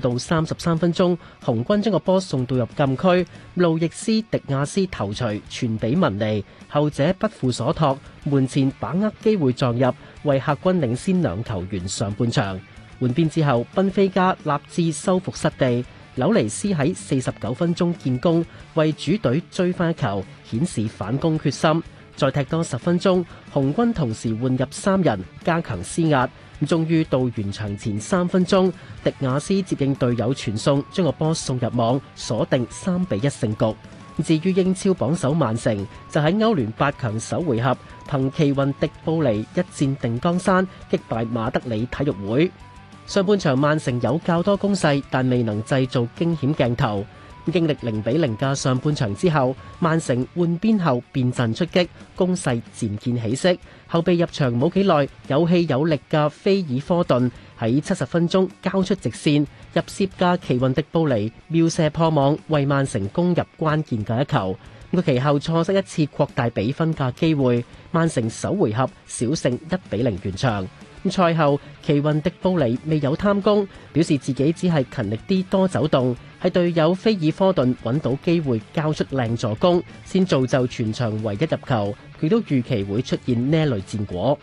到三十三分鐘，紅軍將個波送到入禁區，路易斯迪亞斯頭槌傳俾文尼，後者不負所託，門前把握機會撞入，為客軍領先兩球完上半場。換邊之後，賓菲加立志收復失地，紐尼斯喺四十九分鐘建功，為主隊追翻一球，顯示反攻決心。再踢多十分鐘，紅軍同時換入三人加強施壓，咁終於到完場前三分鐘，迪亞斯接應隊友傳送，將個波送入網，鎖定三比一勝局。至於英超榜首曼城，就喺歐聯八強首回合憑奇雲迪布尼一戰定江山，擊敗馬德里體育會。上半場曼城有較多攻勢，但未能製造驚險鏡頭。經歷零比零嘅上半場之後，曼城換邊後變陣出擊，攻勢漸見起色。後備入場冇幾耐，有氣有力嘅菲爾科頓喺七十分鐘交出直線入楔，嘅奇雲迪布尼妙射破網，為曼城攻入關鍵嘅一球。佢其後錯失一次擴大比分嘅機會，曼城首回合小勝一比零完場。賽後，奇雲迪布尼未有貪功，表示自己只係勤力啲多走動，係隊友菲爾科頓搵到機會交出靚助攻，先造就全場唯一入球。佢都預期會出現呢類戰果。